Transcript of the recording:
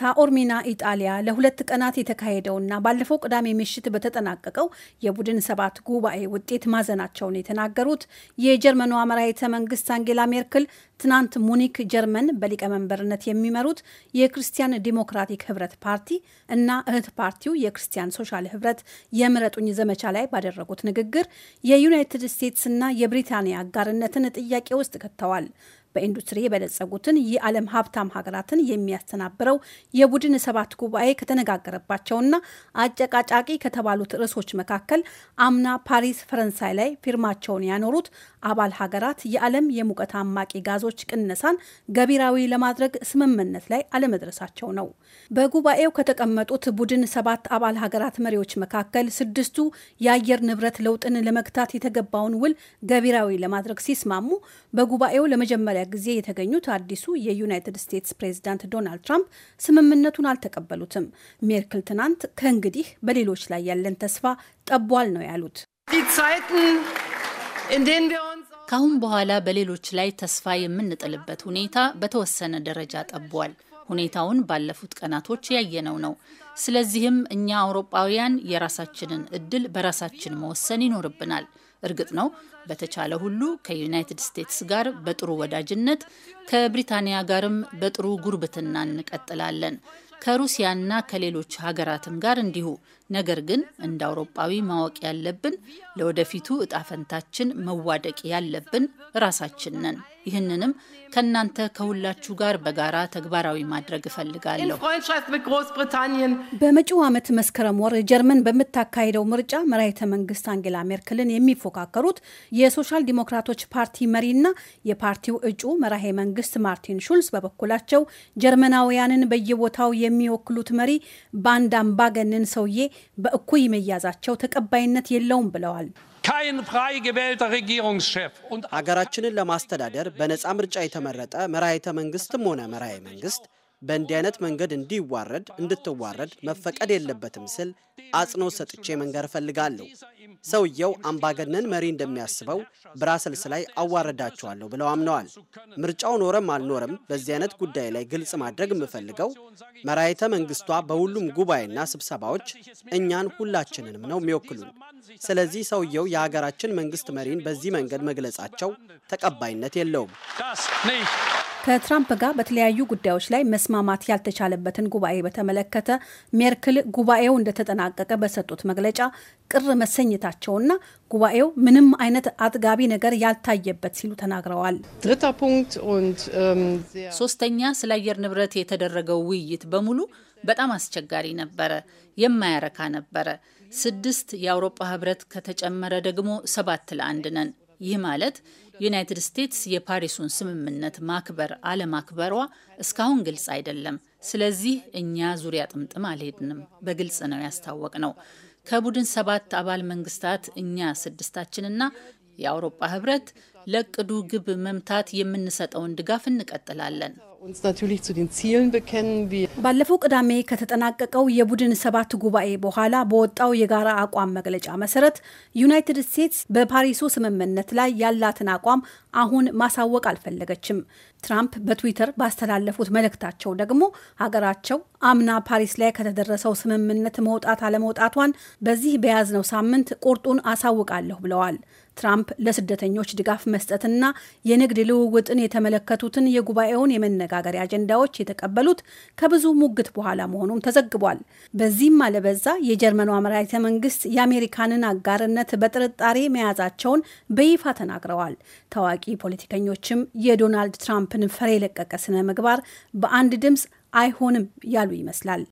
ታኦርሚና ኢጣሊያ ለሁለት ቀናት የተካሄደውና ባለፈው ቅዳሜ ምሽት በተጠናቀቀው የቡድን ሰባት ጉባኤ ውጤት ማዘናቸውን የተናገሩት የጀርመኗ መራሄተ መንግስት አንጌላ ሜርክል ትናንት ሙኒክ ጀርመን በሊቀመንበርነት የሚመሩት የክርስቲያን ዲሞክራቲክ ህብረት ፓርቲ እና እህት ፓርቲው የክርስቲያን ሶሻል ህብረት የምረጡኝ ዘመቻ ላይ ባደረጉት ንግግር የዩናይትድ ስቴትስና የብሪታንያ አጋርነትን ጥያቄ ውስጥ ከተዋል። በኢንዱስትሪ የበለጸጉትን የዓለም ሀብታም ሀገራትን የሚያስተናብረው የቡድን ሰባት ጉባኤ ከተነጋገረባቸውና አጨቃጫቂ ከተባሉት ርዕሶች መካከል አምና ፓሪስ ፈረንሳይ ላይ ፊርማቸውን ያኖሩት አባል ሀገራት የዓለም የሙቀት አማቂ ጋዞች ቅነሳን ገቢራዊ ለማድረግ ስምምነት ላይ አለመድረሳቸው ነው። በጉባኤው ከተቀመጡት ቡድን ሰባት አባል ሀገራት መሪዎች መካከል ስድስቱ የአየር ንብረት ለውጥን ለመግታት የተገባውን ውል ገቢራዊ ለማድረግ ሲስማሙ በጉባኤው ለመጀመሪያ ጊዜ የተገኙት አዲሱ የዩናይትድ ስቴትስ ፕሬዚዳንት ዶናልድ ትራምፕ ስምምነቱን አልተቀበሉትም። ሜርክል ትናንት ከእንግዲህ በሌሎች ላይ ያለን ተስፋ ጠቧል ነው ያሉት። ከአሁን በኋላ በሌሎች ላይ ተስፋ የምንጥልበት ሁኔታ በተወሰነ ደረጃ ጠቧል። ሁኔታውን ባለፉት ቀናቶች ያየነው ነው። ስለዚህም እኛ አውሮፓውያን የራሳችንን እድል በራሳችን መወሰን ይኖርብናል። እርግጥ ነው በተቻለ ሁሉ ከዩናይትድ ስቴትስ ጋር በጥሩ ወዳጅነት ከብሪታንያ ጋርም በጥሩ ጉርብትና እንቀጥላለን። ከሩሲያና ከሌሎች ሀገራትም ጋር እንዲሁ። ነገር ግን እንደ አውሮጳዊ ማወቅ ያለብን ለወደፊቱ እጣፈንታችን መዋደቅ ያለብን ራሳችን ነን። ይህንንም ከእናንተ ከሁላችሁ ጋር በጋራ ተግባራዊ ማድረግ እፈልጋለሁ። በመጪው ዓመት መስከረም ወር ጀርመን በምታካሄደው ምርጫ መራሄተ መንግስት አንጌላ ሜርክልን የሚፎካከሩት የሶሻል ዲሞክራቶች ፓርቲ መሪና የፓርቲው እጩ መራሄ መንግስት ማርቲን ሹልስ በበኩላቸው ጀርመናውያንን በየቦታው የሚወክሉት መሪ በአንድ አምባገነን ሰውዬ በእኩይ መያዛቸው ተቀባይነት የለውም ብለዋል። አገራችንን ለማስተዳደር በነፃ ምርጫ የተመረጠ መራሄተ መንግስትም ሆነ መራሄ መንግስት በእንዲህ አይነት መንገድ እንዲዋረድ እንድትዋረድ መፈቀድ የለበትም ስል አጽንኦት ሰጥቼ መንገር እፈልጋለሁ። ሰውየው አምባገነን መሪ እንደሚያስበው ብራሰልስ ላይ አዋረዳቸዋለሁ ብለው አምነዋል። ምርጫው ኖረም አልኖረም በዚህ አይነት ጉዳይ ላይ ግልጽ ማድረግ የምፈልገው መራይተ መንግስቷ በሁሉም ጉባኤና ስብሰባዎች እኛን ሁላችንንም ነው የሚወክሉን። ስለዚህ ሰውየው የሀገራችን መንግስት መሪን በዚህ መንገድ መግለጻቸው ተቀባይነት የለውም። ከትራምፕ ጋር በተለያዩ ጉዳዮች ላይ መስማማት ያልተቻለበትን ጉባኤ በተመለከተ ሜርክል ጉባኤው እንደተጠናቀቀ በሰጡት መግለጫ ቅር መሰኝታቸውና ጉባኤው ምንም አይነት አጥጋቢ ነገር ያልታየበት ሲሉ ተናግረዋል። ähm, ሶስተኛ፣ ስለ አየር ንብረት የተደረገው ውይይት በሙሉ በጣም አስቸጋሪ ነበረ፣ የማያረካ ነበረ። ስድስት የአውሮፓ ህብረት ከተጨመረ ደግሞ ሰባት ለአንድ ነን። ይህ ማለት ዩናይትድ ስቴትስ የፓሪሱን ስምምነት ማክበር አለማክበሯ እስካሁን ግልጽ አይደለም። ስለዚህ እኛ ዙሪያ ጥምጥም አልሄድንም። በግልጽ ነው ያስታወቅ ነው። ከቡድን ሰባት አባል መንግስታት እኛ ስድስታችንና የአውሮፓ ህብረት ለቅዱ ግብ መምታት የምንሰጠውን ድጋፍ እንቀጥላለን። ባለፈው ቅዳሜ ከተጠናቀቀው የቡድን ሰባት ጉባኤ በኋላ በወጣው የጋራ አቋም መግለጫ መሰረት ዩናይትድ ስቴትስ በፓሪሱ ስምምነት ላይ ያላትን አቋም አሁን ማሳወቅ አልፈለገችም። ትራምፕ በትዊተር ባስተላለፉት መልእክታቸው ደግሞ ሀገራቸው አምና ፓሪስ ላይ ከተደረሰው ስምምነት መውጣት አለመውጣቷን በዚህ በያዝነው ሳምንት ቁርጡን አሳውቃለሁ ብለዋል። ትራምፕ ለስደተኞች ድጋፍ መስጠትና የንግድ ልውውጥን የተመለከቱትን የጉባኤውን የመነጋገሪያ አጀንዳዎች የተቀበሉት ከብዙ ሙግት በኋላ መሆኑም ተዘግቧል። በዚህም አለበዛ የጀርመኗ መራሒተ መንግስት የአሜሪካንን አጋርነት በጥርጣሬ መያዛቸውን በይፋ ተናግረዋል። ታዋቂ ፖለቲከኞችም የዶናልድ ትራምፕን ፈር የለቀቀ ስነ ምግባር በአንድ ድምፅ አይሆንም ያሉ ይመስላል።